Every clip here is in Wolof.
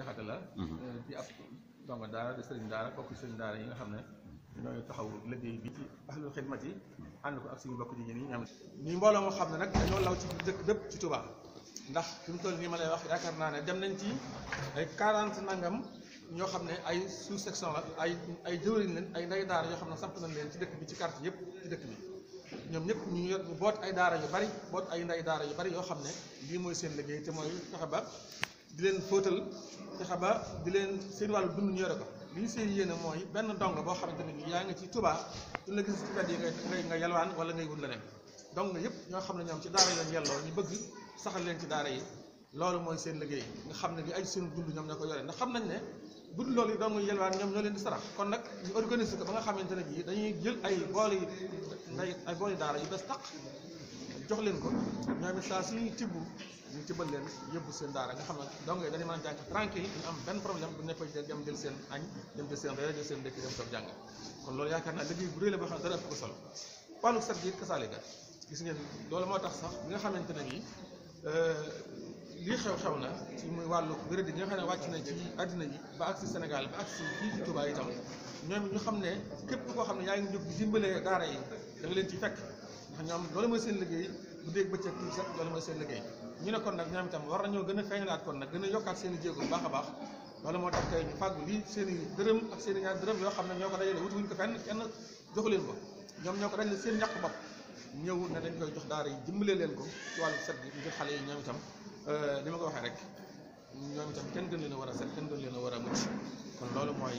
jaxate la di mhm. euh, ab donga daara di sëriñ daara bokk sëriñ daara yi nga xam ne ñooy taxaw liggéey bi ci ahlul xidmat yi ànd ko ak suñu bokk jigéen yi ñam ñii mbooloo moo xam ne nag dañoo law ci dëkk bépp ndax fi mu toll nii ma lay wax yaakaar naa ne dem nañ ci ay quarante nangam ñoo xam ne ay sous section la ay ay jëwriñ leen ay ndey daara yoo xam ne samp nañ leen ci dëkk bi ci quartier yëpp ci dëkk bi ñoom ñëpp ñu yor boot ay daara yu bari boot ay ndey daara yu bari yoo xam ne lii mooy seen liggéey te mooy fexe di leen fóotal fexe ba di leen seen wàllu dund ñu yore ko li ñu seen yéene mooy benn dong boo xamante ne bii yaa ngi ci Touba duñ la gis ci mbedd yi ngay nga yalwaan wala ngay wut leneen dong yëpp ñoo xam ne ñoom ci daara yoon yelloo ñu bëgg saxal leen ci daara yi loolu mooy seen liggéey nga xam ne li ay seen dund ñoom ñoo ko yore ndax xam nañ ne bu dul loolu dong yelwaan ñoom ñoo leen di sarax kon nag ñu organiser ko ba nga xamante ne bii dañuy jël ay bool yi ay bool yi daara yu bees jox leen ko ñoom it saa ñu jëbal leen yóbbu seen daara nga xam ne dong dañuy mën a jàng tranquille yi ñu am benn problème bu nekkoy dem jël seen añ dem jël seen reer jël seen ndekki dem toog jàng kon loolu yaakaar naa gi it kasaalika moo tax sax bi nga xamante ne nii euh, lii xew-xew na ci muy wàllu wéré di nga xam ne wàcc na ci àddina bi ba ak si Sénégal ba ak si fii ñu xam ne képp koo xam ne yaa ngi jóg di dimbalee daara yi da nga leen ci fekk ndax am loolu mooy seen liggéey bu dégg bëccëg tuuti sax loolu mooy seen liggéey ñu ne kon nag ñoom itam war nañoo gën a feeñalaat kon nag gën a yokkaat seen i jéego baax a baax loolu moo tax tey ñu fàggu lii seen i dërëm ak seen i yoo xam ne ñoo ko dajale wutuwuñ ko fenn kenn joxu leen ko ñoom ñoo ko dajale seen ñàkk bopp ñëw ne dañ koy jox daara yi dimbale leen ko ci wàllu set gi ngir xale yi ñoom itam li euh, ma ko waxee rek ñoom itam kenn gën leen war a set leen a war a mucc kon loolu mooy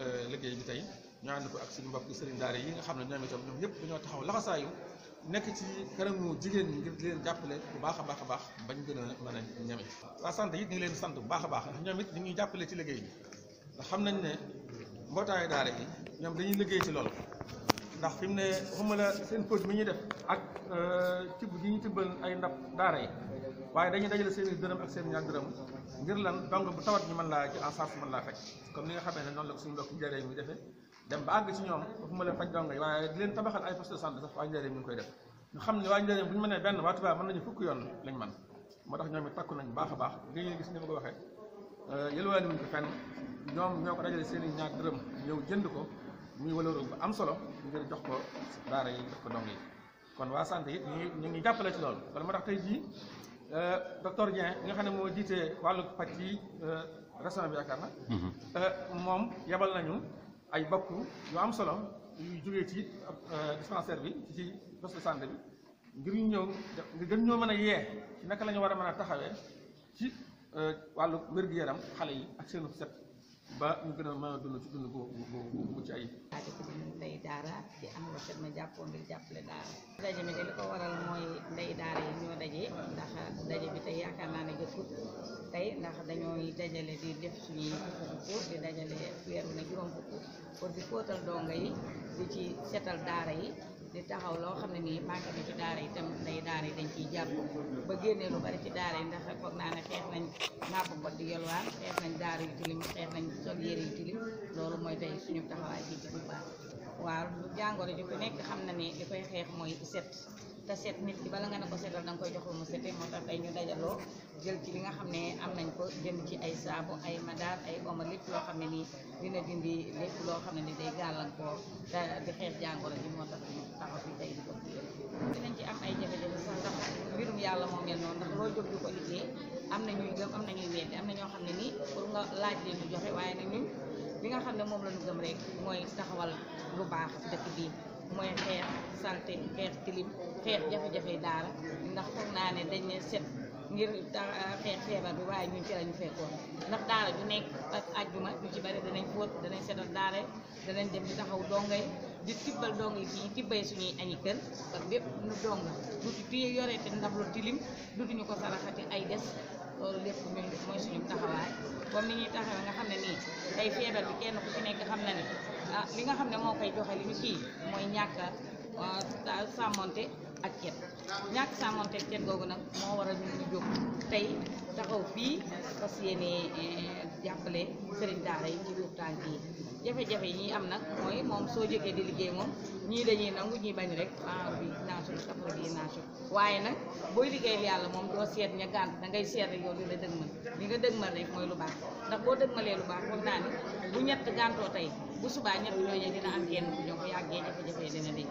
euh, liggéey bi tey ñu ànd ko ak suñu mbokk sëriñ daara yi nga xam ne ñoom itam ñoom ñëpp dañoo taxaw laxasaayu nekk ci kanamu jigéen ñi ngir leen jàppale bu baax a baax a baax bañ gën a mën a ñame waa sant it ñu leen sant bu baax a baax ndax ñoom it ñu ngi jàppale ci liggéey bi ndax xam nañ ne mbootaayu daara yi ñoom dañuy liggéey ci lool ndax fi mu ne xuma la seen pause mi ñuy def ak euh, tibb gi ñu tibbal ay ndab daara yi waaye dañuy i dërëm ak seen ñaar dërëm ngir lan dong bu tawat ñu mën laa ci en charge faj comme ni nga xamee ne noonu la ko suñu mbokk njëriñ mi defee dem ba àgg ci ñoom xuma la faj dong yi waaye di leen tabaxal ay poste sant santé sax waa njëriñ mi ngi koy def ñu xam ne waa Njaareem bu ñu mënee benn waa Tuubaa mën nañu fukk yoon lañ man moo tax ñoom it takku nañu baax a baax li gis ni ko waxee euh, yëlwaani wuñ ñoom ñoo ko dajale seen ñaar dërëm ñëw jënd ko muy wëlooru bu am solo ngir jox ko daara yi ko dong yi kon waa santé yi ñu ngi ñu ngi jàppale ci loolu loolu moo tax tey jii euh, docteur Dieng nga xam ne moo jiitee wàllu pàcc yi euh, région bi yaakaar na mm-hmm. moom yebal nañu ay bokk yu am solo yuy jógee ci euh, dispensaire bi ci poste de santé bi ngir ñu ñëw ngir gën ñoo mën a yee ci naka la ñu war a mën a taxawee ci euh, wàllu wér-gu-yaram xale yi ak seenu set ba ñu gën a mën a dund ci dund bu bu bu ci ayib. waaw dëkk bi ñun daara di am rafet ma jàppoo ngir jàppale daara. daje bi de li ko waral mooy ndey daara yi ñoo daje ndax daje bi tey yaakaar naa ne jotut tey ndax dañoo dajale di def suñuy concours di dajale weer na juróom fukk pour di fóotal donga yi di ci setal daara yi. di taxaw loo xam ne nii manqué na ci daara yi tam day daara yi dañ ciy jàpp ba génnee lu bari ci daara yi ndax foog naa ne xeex nañ napp bot di yolwaan xeex nañ daara yu tilim xeex nañ sol yére yu tilim loolu mooy tey suñu taxawaay fii ci bu baax waaw jàngoro ji ku nekk xam na ne li koy xeex mooy set te set nit ki bala nga ne ko setal da koy jox lu mu sete moo tax tey ñu dajaloo jël ci li nga xam ne am nañ ko jënd ci ay saabu ay madaar ay omo lépp loo xam ne nii dina dindi lépp loo xam ne ni day gàllankoor di xeex jàngoro ji moo tax ñu ay jafe-jafe sax ndax mbirum yàlla moo mel noonu ndax loo jóg di ko liggéey am na ñuy gëm am na ñuy weddi am na ñoo xam ne nii pour nga laaj leen ñu joxe waaye nag ñun li nga xam ne moom la ñu gëm rek mooy taxawal lu baax dëkk bi mooy xeex santé xeex tilim xeex jafe-jafe daara ndax foog naa ne dañ ne set ngir ah, xeex feebar bi waaye ñu ci ñu fekkoon ndax daara bi nekk ak ajjuma ñu ci bari danañ fóot danañ setal daara danañ dem ci taxaw dongay di tibbal dong yi fii tibbay suñuy añi kër ak lépp nu dong dutu ti yore te ndab lu tilim dutuñu ko saraxati ay des loolu lépp ñun mooy suñu taxawaay comme ni ñuy taxawee nga xam ne nii tey feebar bi kenn ku ci nekk xam na ne ah li nga xam ne moo koy joxe li ñu kii mooy ñàkk a ah, ak cet ñàkk sàmmonteeg ceet boobu nag moo a ñu ñu jóg tey taxaw fii fas yéene eh, jàppale sëriñ daara yi ci ruub tànk yi jafe-jafe yi ñuy am nag mooy moom soo jógee di liggéey moom ñii dañuy nangu ñii bañ rek ah bi naa sut tax bi naa waaye nag booy liggéey yàlla moom doo seet ña gànt da ngay seet rek yow li la dëgmal li nga dëgmal rek mooy lu baax ndax boo dëgmalee lu baax foog naa ne bu ñett gàntoo tey bu subaa ñett ñooñu dina am ñoo ko yàggee jafe-jafe dina dégg